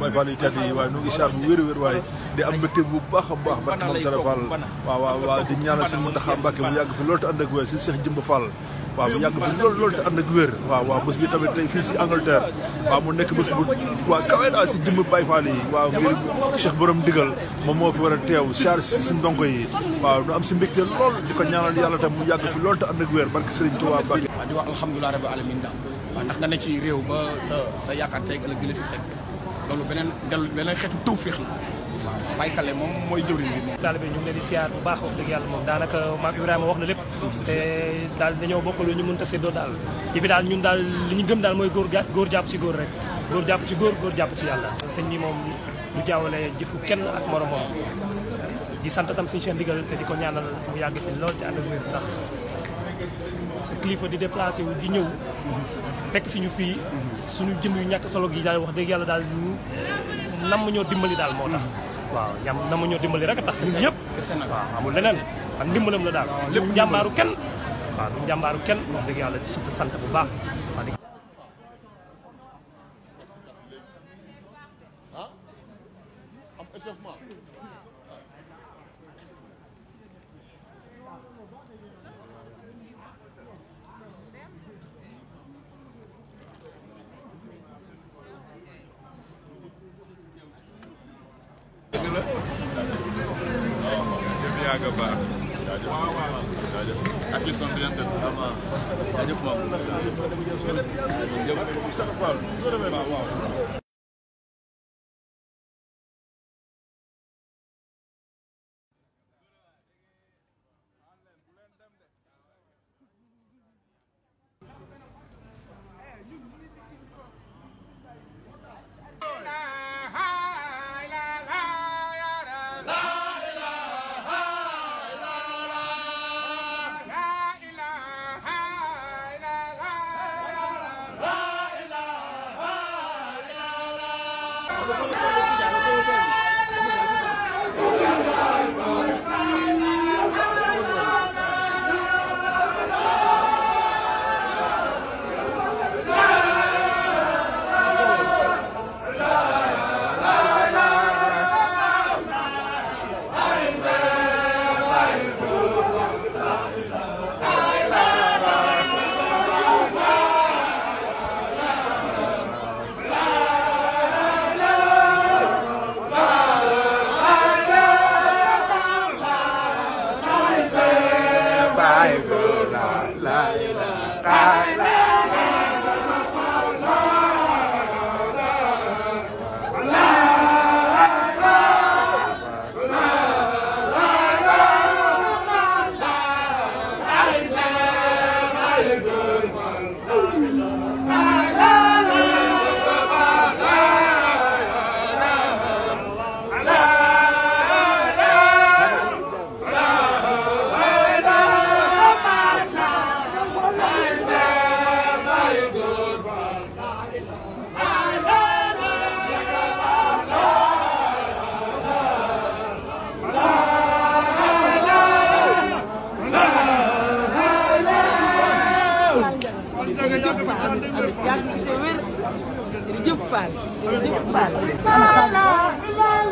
Baye Fall yu tedd yi waaye ñu ngi siyaar bu wér wér waaye di am mbégte bu baax a baax barke moom Sëriñ Fall waaw waaw waaw di ñaanal sëñ Mountakha Mbacké bu yàgg fi loolu te ànd ak wér si Cheikh Jimba Fall waaw yàgg fi loolu te ànd ak wér waaw waaw bi tamit tey fii si Angleterre waaw mu nekk bés bu waaw kawe daal si jëmb Baye Fall yi waaw ngir Cheikh borom digal moom moo fi war a teew siyaar si si ndongo yi waaw ñu am si mbégte lool di ko ñaanal yàlla tam mu yàgg fi lool te ànd ak wér barke Sëriñ Tuubaa Mbacké waaw di wax alhamdulilah rabbil alamin daal waaw ndax réew ba sa sa yaakaar tey la si loolu beneen dellu beneen xeetu tawféex la. waaw baykale moom mooy jëwriñ bi moom. taalibe ñu ngi leen di siyaar bu baax wax dëgg yàlla moom daanaka maam a wax na lépp. te daal dañoo bokk lu ñu mënta séddoo daal. ci bi daal ñun daal li ñu gëm daal mooy góor ga góor jàpp ci góor rek. góor jàpp ci góor góor jàpp ci yàlla. sëñ bi moom du jaawale jëfu kenn ak moromam di sant tam suñu seen ndigal te di ko ñaanal mu yàgg fi lool ci ànd ak wér ndax sa kilifa di déplacé wu di ñëw fekk suñu fii suñu jëm yu ñàkk solo gi daal wax dëgg yàlla daal nam ñoo dimbali daal moo tax waaw ñam nam ñoo dimbali rek tax ci ñëpp waaw amul leneen am dimbalam la daal lépp jàmbaaru kenn waaw du jàmbaaru kenn wax dëgg yàlla ci sant bu baax échauffement. nga baax jaajëf jaajëf ak i sant yéen tamit vraiment jaajëf moom. sky. jërëjëf Fall jërëjëf Fall